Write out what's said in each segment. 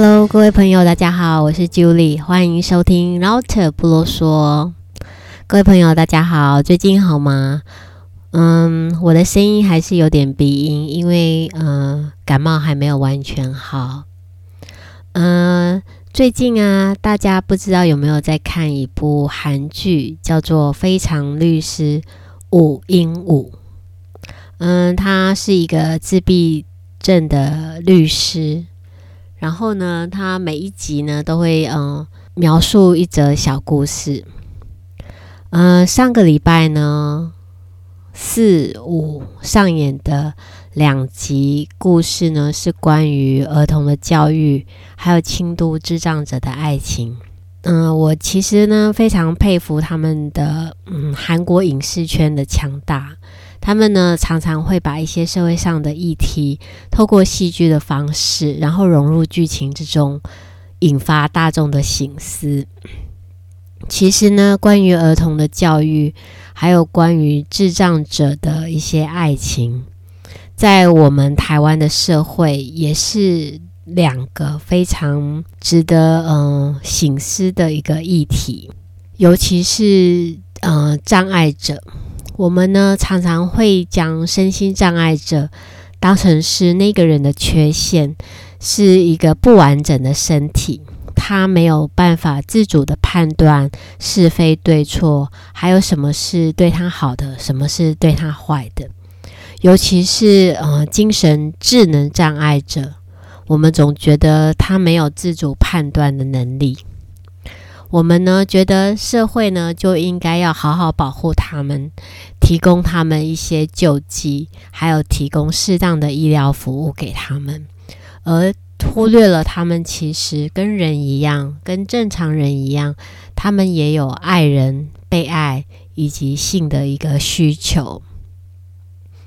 Hello，各位朋友，大家好，我是 Julie，歡迎收聽 Router 不囉嗦。各位朋友，大家好，最近好嗎？嗯，我的聲音還是有點鼻音，因為嗯、呃、感冒還沒有完全好。嗯，最近啊，大家不知道有沒有在看一部韓劇，叫做《非常律師禹英禑》，嗯，他是一個自閉症的律師。然後呢，他每一集呢都會嗯、呃、描述一則小故事。嗯、呃，上個禮拜呢四五上演的兩集故事呢是關於兒童的教育，還有輕度智障者的愛情。嗯、呃，我其實呢非常佩服他們的嗯韓國影視圈的強大。他們呢，常常會把一些社會上的議題，透過戲劇的方式，然後融入劇情之中，引發大眾的省思。其實呢，關於兒童的教育，還有關於智障者的一些愛情，在我們台灣的社會，也是兩個非常值得嗯省、呃、思的一個議題，尤其是嗯、呃、障礙者。我們呢，常常會將身心障礙者當成是那個人的缺陷，是一個不完整的身體，他沒有辦法自主的判斷是非對錯，還有什麼是對他好的，什麼是對他壞的。尤其是呃，精神智能障礙者，我們總覺得他沒有自主判斷的能力。我們呢，覺得社會呢，就應該要好好保護他們，提供他們一些救濟，還有提供適當的醫療服務給他們，而忽略了他們其實跟人一樣，跟正常人一樣，他們也有愛人、被愛以及性的一個需求。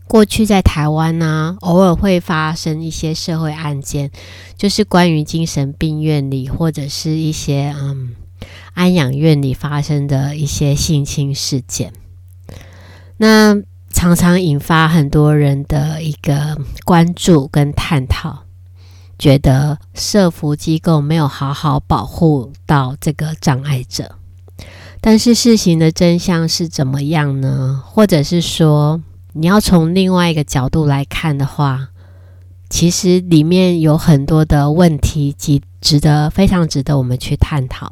過去在台灣呢、啊，偶爾會發生一些社會案件，就是關於精神病院裡或者是一些嗯，安養院裡發生的一些性侵事件，那常常引發很多人的一個關注跟探討，覺得社福機構沒有好好保護到這個障礙者。但是事情的真相是怎麼樣呢？或者是說，你要從另外一個角度來看的話，其實裡面有很多的問題，及值得非常值得我們去探討。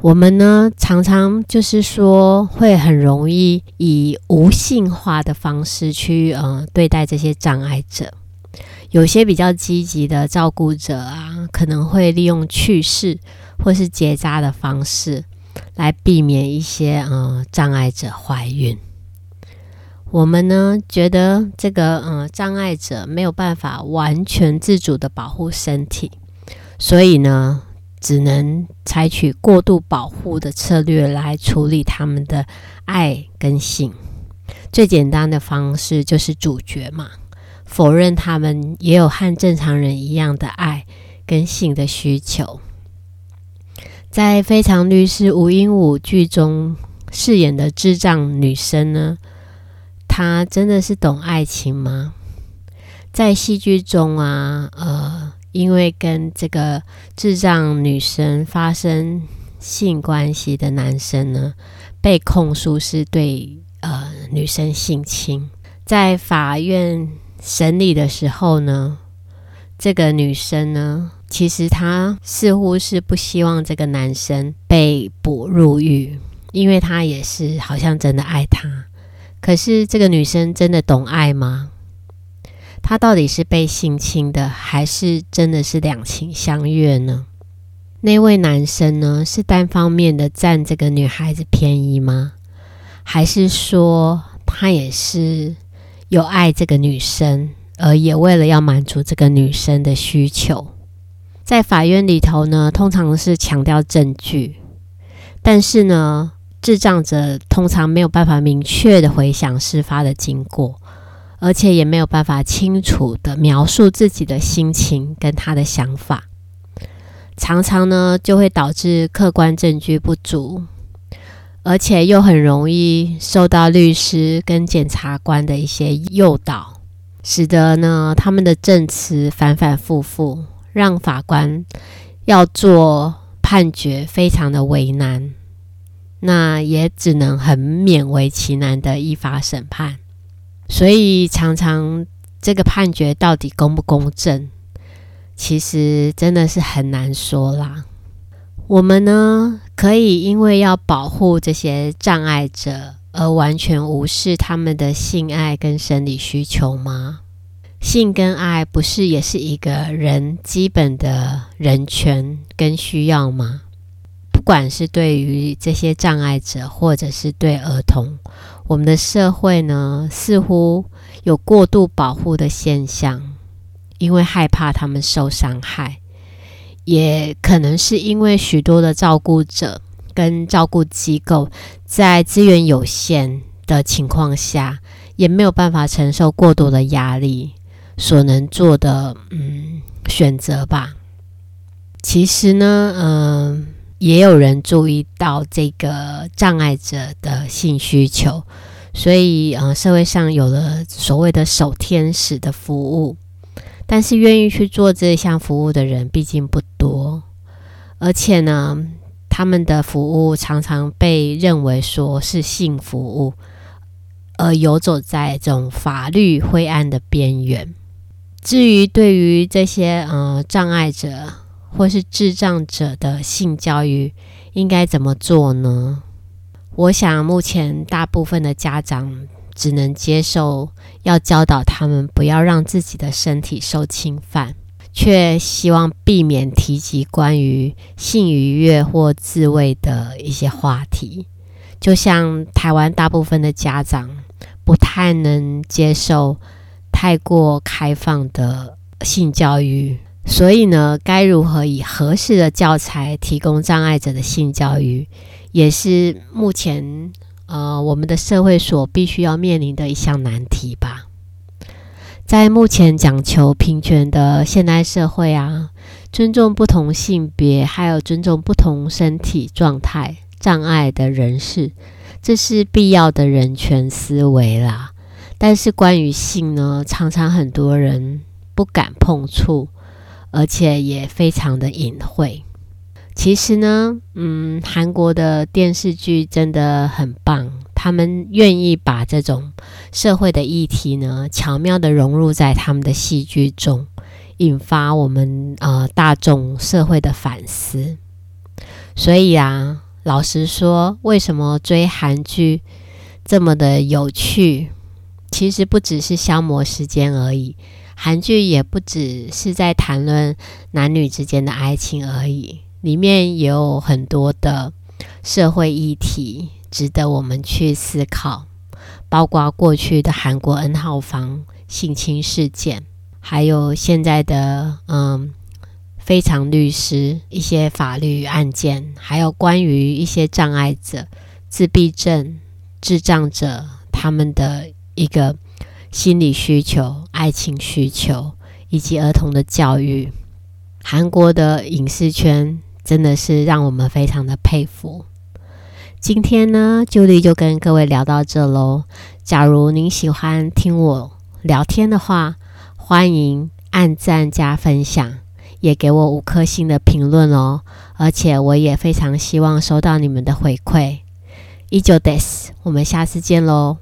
我們呢，常常就是說，會很容易以無性化的方式去呃對待這些障礙者。有些比較積極的照顧者啊，可能會利用去勢或是結紮的方式，來避免一些呃障礙者懷孕。我們呢，覺得這個呃障礙者沒有辦法完全自主的保護身體，所以呢。只能採取過度保護的策略來處理他們的愛跟性。最簡單的方式就是主角嘛，否認他們也有和正常人一樣的愛跟性的需求。在《非常律師禹英禑》劇中飾演的智障女生呢，她真的是懂愛情嗎？在戲劇中啊，呃。因為跟這個智障女生發生性關係的男生呢，被控訴是對呃女生性侵。在法院審理的時候呢，這個女生呢，其實她似乎是不希望這個男生被捕入獄，因為她也是好像真的愛他。可是這個女生真的懂愛嗎？他到底是被性侵的，還是真的是兩情相悅呢？那位男生呢，是單方面的占這個女孩子便宜嗎？還是說他也是有愛這個女生，而也為了要滿足這個女生的需求？在法院裡頭呢，通常是強調證據，但是呢，智障者通常沒有辦法明確的回想事發的經過。而且也沒有辦法清楚的描述自己的心情跟他的想法，常常呢就會導致客觀證據不足，而且又很容易受到律師跟檢察官的一些誘導，使得呢他們的證詞反反复复，讓法官要做判決非常的為難，那也只能很勉為其難的依法審判。所以，常常這個判決到底公不公正，其實真的是很難說啦。我們呢，可以因為要保護這些障礙者，而完全無視他們的性愛跟生理需求嗎？性跟愛不是也是一個人基本的人權跟需要嗎？不管是對於這些障礙者，或者是對兒童。我們的社會呢，似乎有過度保護的現象，因為害怕他們受傷害，也可能是因為許多的照顧者跟照顧機構在資源有限的情況下，也沒有辦法承受過多的壓力，所能做的，嗯，選擇吧。其實呢，嗯、呃。也有人注意到這個障礙者的性需求，所以嗯、呃，社會上有了所謂的“手天使”的服務，但是願意去做這項服務的人畢竟不多，而且呢，他們的服務常常被認為說是性服務，而遊走在這種法律灰暗的邊緣。至於對於這些嗯、呃、障礙者，或是智障者的性教育應該怎麼做呢？我想，目前大部分的家長只能接受要教導他們不要讓自己的身體受侵犯，卻希望避免提及關於性愉悅或自慰的一些話題。就像台灣大部分的家長不太能接受太過開放的性教育。所以呢，該如何以合適的教材提供障礙者的性教育，也是目前呃我們的社會所必須要面臨的一項難題吧。在目前講求平權的現代社會啊，尊重不同性別，還有尊重不同身體狀態障礙的人士，這是必要的人權思維啦。但是關於性呢，常常很多人不敢碰觸。而且也非常的隱晦。其實呢，嗯，韓國的電視劇真的很棒，他們願意把這種社會的議題呢，巧妙地融入在他們的戲劇中，引發我們呃大眾社會的反思。所以啊，老實說，為什麼追韓劇這麼的有趣？其實不只是消磨時間而已，韓劇也不只是在談論男女之間的愛情而已，裡面也有很多的社會議題值得我們去思考，包括過去的韓國 N 號房性侵事件，還有現在的嗯非常律師一些法律案件，還有關於一些障礙者、自閉症、智障者他們的。一個心理需求、愛情需求以及兒童的教育，韓國的影視圈真的是讓我們非常的佩服。今天呢，Julie 就跟各位聊到這嘍。假如您喜歡聽我聊天的話，歡迎按讚加分享，也給我五顆星的評論哦。而且我也非常希望收到你們的回饋。一九 days，我們下次見嘍。